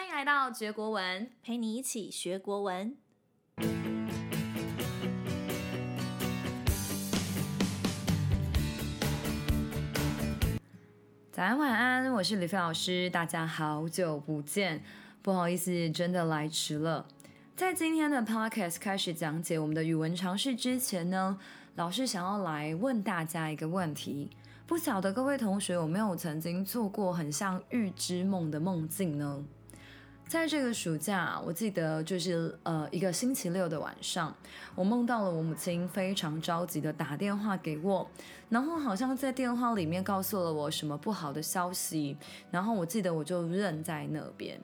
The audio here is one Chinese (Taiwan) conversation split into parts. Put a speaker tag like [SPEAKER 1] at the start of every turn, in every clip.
[SPEAKER 1] 歡迎來到學國文，陪你一起學國文。早安晚安，我是李飛老師，大家好久不見，不好意思，真的來遲了。在今天的 podcast 開始講解我們的語文常識之前呢，老師想要來問大家一個問題：不曉得各位同學有沒有曾經做過很像《預知夢》的夢境呢？在這個暑假，我記得就是呃一個星期六的晚上，我夢到了我母親非常着急的打電話給我，然後好像在電話裡面告訴了我什麼不好的消息，然後我記得我就愣在那邊。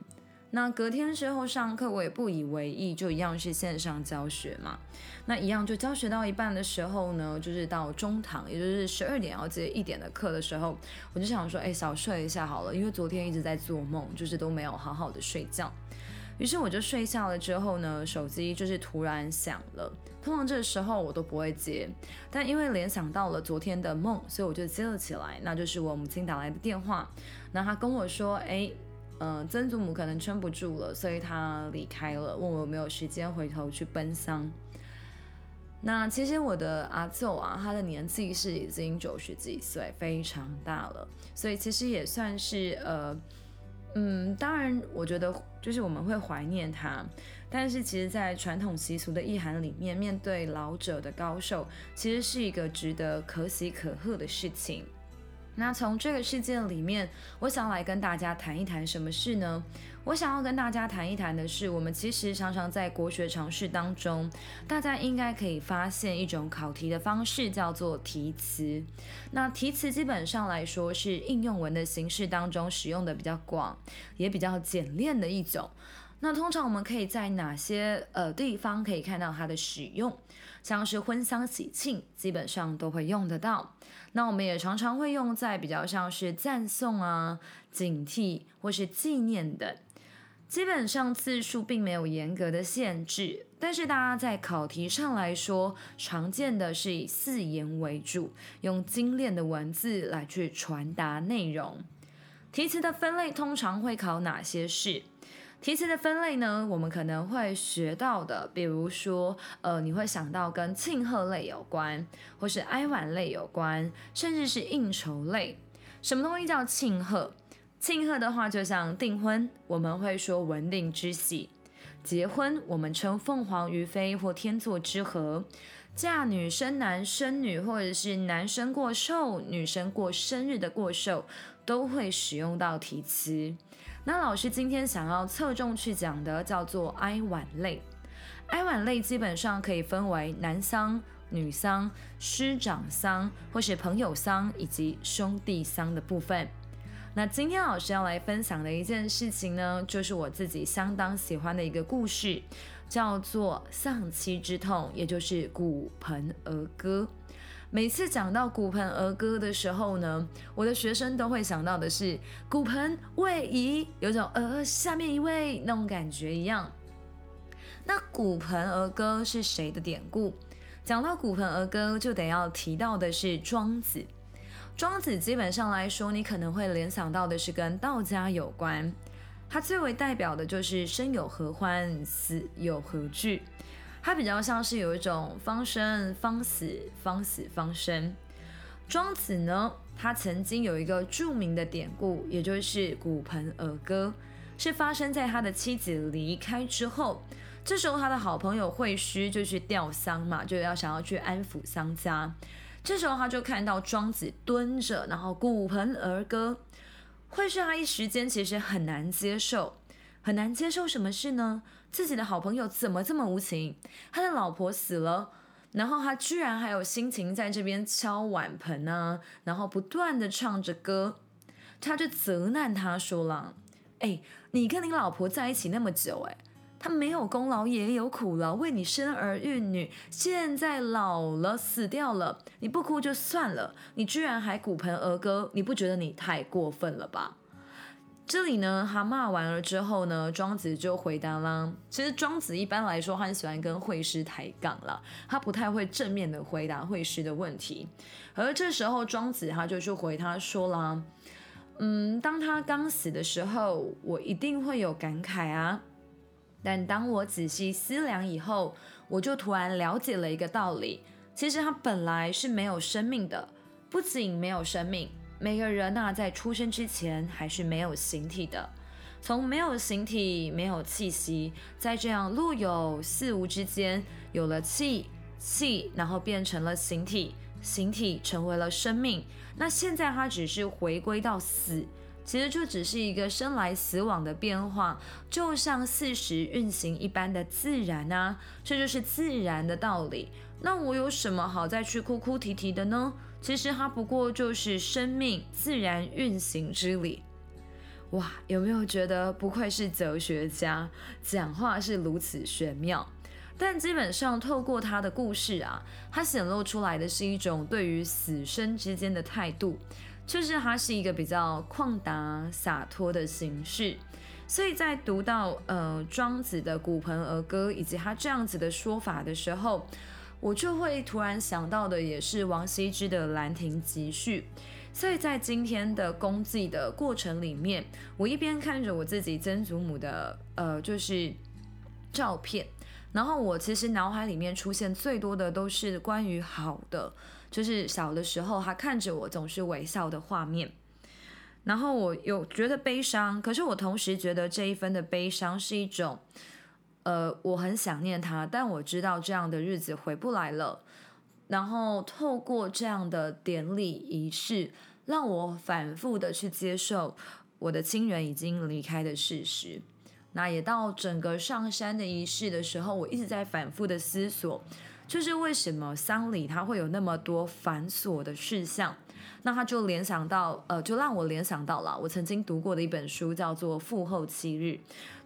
[SPEAKER 1] 那隔天之後上課，我也不以為意，就一樣是線上教學嘛。那一樣就教學到一半的時候呢，就是到中堂，也就是十二點要接一點的課的時候，我就想說，哎、欸，小睡一下好了，因為昨天一直在做夢，就是都沒有好好的睡覺。於是我就睡下了之後呢，手機就是突然響了。通常這個時候我都不會接，但因為聯想到了昨天的夢，所以我就接了起來，那就是我母親打來的電話。那她跟我說，哎、欸。嗯、呃，曾祖母可能撐不住了，所以他離開了，問我有沒有時間回頭去奔喪。那其實我的阿祖啊，他的年紀是已經九十幾歲，非常大了，所以其實也算是呃，嗯，當然我覺得就是我們會懷念他，但是其實，在傳統習俗的意涵裡面，面對老者的高壽，其實是一個值得可喜可賀的事情。那從這個事件裡面，我想來跟大家談一談什麼事呢？我想要跟大家談一談的是，我們其實常常在國學常識當中，大家應該可以發現一種考題的方式，叫做題辭。那題辭基本上來說是應用文的形式當中使用的比較廣，也比較簡練的一種。那通常我們可以在哪些呃地方可以看到它的使用？像是婚喪喜慶，基本上都會用得到。那我們也常常會用在比較像是讚頌啊、警惕、或是紀念等。基本上字數並沒有嚴格的限制，但是大家在考題上來說，常見的是以四言為主，用精煉的文字來去傳達內容。題詞的分類通常會考哪些事？其次的分類呢，我們可能會學到的，比如說，呃，你會想到跟慶賀類有關，或是哀挽類有關，甚至是應酬類。什麼東西叫慶賀？慶賀的話，就像訂婚，我們會說“文定之喜”；結婚，我們稱“鳳凰於飛”或“天作之合”。嫁女生，男生、女，或者是男生過壽、女生過生日的過壽，都會使用到題辭。那老師今天想要側重去講的叫做哀輓類。哀輓類基本上可以分為男喪、女喪、師長喪或是朋友喪以及兄弟喪的部分。那今天老師要來分享的一件事情呢，就是我自己相當喜歡的一個故事，叫做喪妻之痛，也就是鼓盆而歌。每次講到鼓盆而歌的時候呢，我的學生都會想到的是骨盆位移，有種呃下面一位那種感覺一樣。那鼓盆而歌是誰的典故？講到鼓盆而歌，就得要提到的是莊子。莊子基本上來說，你可能會聯想到的是跟道家有關。他最為代表的就是“生有何歡，死有何懼”，他比較像是有一種“方生方死，方死方生”。莊子呢，他曾經有一個著名的典故，也就是“鼓盆而歌”，是發生在他的妻子離開之後。這時候他的好朋友惠施就去吊喪嘛，就要想要去安撫喪家。這時候他就看到莊子蹲着，然後鼓盆而歌。惠施他一時間其實很難接受，很難接受什麼事呢？自己的好朋友怎麼這麼無情？他的老婆死了，然後他居然還有心情在這邊敲碗盆啊，然後不斷的唱着歌，他就責難他說了：“哎，你跟你老婆在一起那麼久、欸，哎。”他沒有功勞也有苦勞，為你生兒育女，現在老了死掉了，你不哭就算了，你居然還鼓盆而歌，你不覺得你太過分了吧？這裡呢，他罵完了之後呢，莊子就回答啦。其實莊子一般來說他很喜歡跟惠施抬槓了，他不太會正面的回答惠施的問題。而這時候莊子他就去回他說啦：“嗯，當他剛死的時候，我一定會有感慨啊。”但當我仔細思量以後，我就突然了解了一個道理：其實他本來是沒有生命的，不僅沒有生命，每個人吶、啊、在出生之前還是沒有形體的，從沒有形體、沒有氣息，在這樣若有似無之間，有了氣，氣然後變成了形體，形體成為了生命。那現在他只是回歸到死。其實就只是一個生來死往的變化，就像四時運行一般的自然啊，這就是自然的道理。那我有什麼好再去哭哭啼啼的呢？其實它不過就是生命自然運行之理。哇，有沒有覺得不愧是哲學家，講話是如此玄妙？但基本上透過他的故事啊，他顯露出來的是一種對於死生之間的態度。就是它是一個比較曠達灑脫的形式，所以在讀到呃莊子的《鼓盆而歌》以及他這樣子的說法的時候，我就會突然想到的也是王羲之的《蘭亭集序》。所以在今天的公祭的過程裡面，我一邊看着我自己曾祖母的呃就是照片，然後我其實腦海裡面出現最多的都是關於好的。就是小的時候，他看着我總是微笑的畫面，然後我有覺得悲傷，可是我同時覺得這一分的悲傷是一種，呃，我很想念他，但我知道這樣的日子回不來了。然後透過這樣的典禮儀式，讓我反復的去接受我的親人已經離開的事實。那也到整個上山的儀式的時候，我一直在反復的思索。就是為什麼喪禮他會有那麼多繁瑣的事項，那他就聯想到，呃，就讓我聯想到了我曾經讀過的一本書，叫做《父後七日》，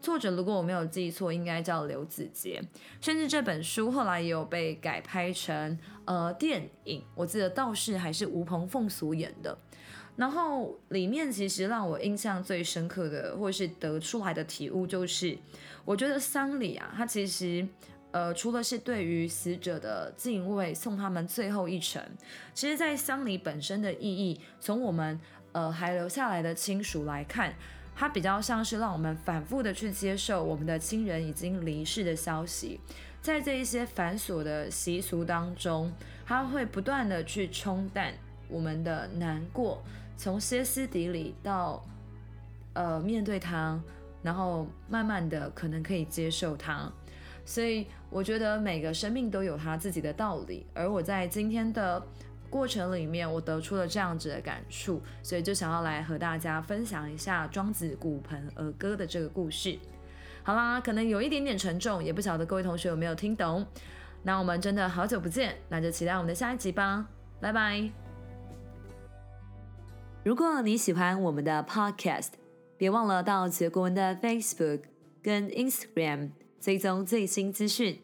[SPEAKER 1] 作者如果我沒有記錯，應該叫劉梓潔。甚至這本書後來也有被改拍成呃電影，我記得道士還是吳朋奉所演的。然後裡面其實讓我印象最深刻的，或是得出來的體悟，就是我覺得喪禮啊，它其實。.呃，除了是對於死者的敬畏，送他們最後一程，其實，在喪禮本身的意義，從我們呃還留下來的親屬來看，它比較像是讓我們反覆的去接受我們的親人已經離世的消息，在這一些繁瑣的習俗當中，它會不斷的去沖淡我們的難過，從歇斯底里到呃面對他，然後慢慢的可能可以接受他。所以我覺得每個生命都有他自己的道理，而我在今天的過程裡面，我得出了這樣子的感觸，所以就想要來和大家分享一下《莊子·鼓盆而歌》的這個故事。好啦，可能有一點點沉重，也不曉得各位同學有沒有聽懂。那我們真的好久不見，那就期待我們的下一集吧，拜拜！如果你喜歡我們的 Podcast，別忘了到杰國文的 Facebook 跟 Instagram。追蹤最新資訊，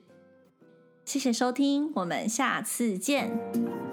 [SPEAKER 1] 謝謝收聽，我們下次見。